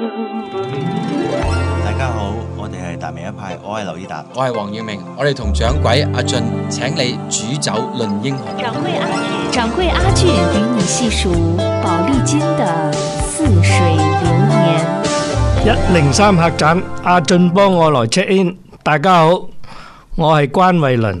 大家好，我哋係達明一派，我係劉以達，我係黃耀明，我哋同掌櫃阿峻，請你煮酒論英雄掌。掌櫃阿峻，掌櫃阿峻與你細數寶麗金的似水流年。一零三客棧，阿峻幫我來 check in。大家好，我係關偉倫。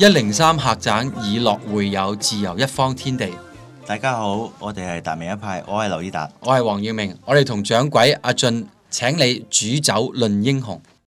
一零三客棧以樂會友，自由一方天地。大家好，我哋係達明一派，我係劉以達，我係黃耀明，我哋同掌櫃阿峻，請你煮酒論英雄。